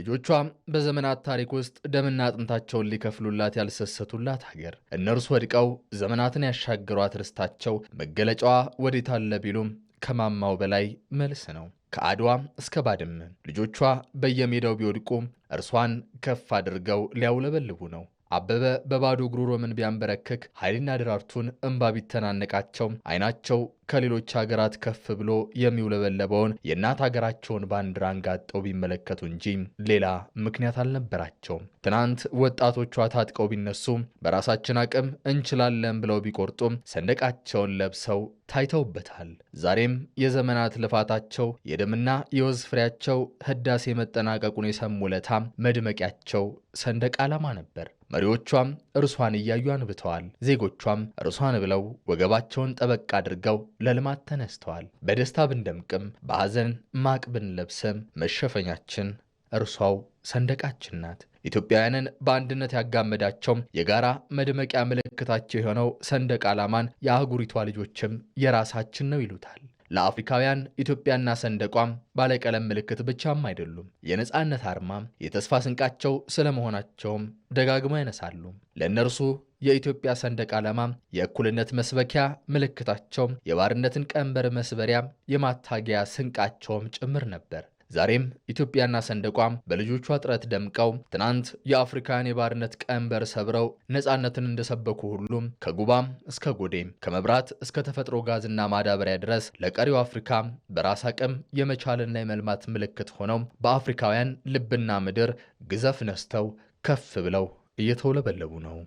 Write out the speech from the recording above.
ልጆቿ በዘመናት ታሪክ ውስጥ ደምና አጥንታቸውን ሊከፍሉላት ያልሰሰቱላት ሀገር እነርሱ ወድቀው ዘመናትን ያሻገሯት ርስታቸው መገለጫዋ ወዴት አለ ቢሉም ከማማው በላይ መልስ ነው። ከአድዋ እስከ ባድመ ልጆቿ በየሜዳው ቢወድቁም እርሷን ከፍ አድርገው ሊያውለበልቡ ነው። አበበ በባዶ እግሩ ሮምን ቢያንበረክክ ኃይልና ድራርቱን እምባ ቢተናነቃቸው አይናቸው ከሌሎች ሀገራት ከፍ ብሎ የሚውለበለበውን የእናት ሀገራቸውን ባንዲራ አንጋጠው ቢመለከቱ እንጂ ሌላ ምክንያት አልነበራቸውም። ትናንት ወጣቶቿ ታጥቀው ቢነሱም በራሳችን አቅም እንችላለን ብለው ቢቆርጡም ሰንደቃቸውን ለብሰው ታይተውበታል። ዛሬም የዘመናት ልፋታቸው የደምና የወዝ ፍሬያቸው ህዳሴ መጠናቀቁን የሰሙ ለታም መድመቂያቸው ሰንደቅ ዓላማ ነበር። መሪዎቿም እርሷን እያዩ አንብተዋል። ዜጎቿም እርሷን ብለው ወገባቸውን ጠበቅ አድርገው ለልማት ተነስተዋል። በደስታ ብንደምቅም በሐዘን ማቅ ብንለብስም መሸፈኛችን እርሷው ሰንደቃችን ናት። ኢትዮጵያውያንን በአንድነት ያጋመዳቸውም የጋራ መድመቂያ ምልክታቸው የሆነው ሰንደቅ ዓላማን የአህጉሪቷ ልጆችም የራሳችን ነው ይሉታል። ለአፍሪካውያን ኢትዮጵያና ሰንደቋም ባለቀለም ምልክት ብቻም አይደሉም፣ የነፃነት አርማም የተስፋ ስንቃቸው ስለመሆናቸውም ደጋግመው ያነሳሉ። ለእነርሱ የኢትዮጵያ ሰንደቅ ዓላማ የእኩልነት መስበኪያ ምልክታቸውም፣ የባርነትን ቀንበር መስበሪያ የማታጊያ ስንቃቸውም ጭምር ነበር። ዛሬም ኢትዮጵያና ሰንደቋም በልጆቿ ጥረት ደምቀው ትናንት የአፍሪካን የባርነት ቀንበር ሰብረው ነፃነትን እንደሰበኩ ሁሉም ከጉባም እስከ ጎዴም ከመብራት እስከ ተፈጥሮ ጋዝና ማዳበሪያ ድረስ ለቀሪው አፍሪካ በራስ አቅም የመቻልና የመልማት ምልክት ሆነው በአፍሪካውያን ልብና ምድር ግዘፍ ነስተው ከፍ ብለው እየተውለበለቡ ነው።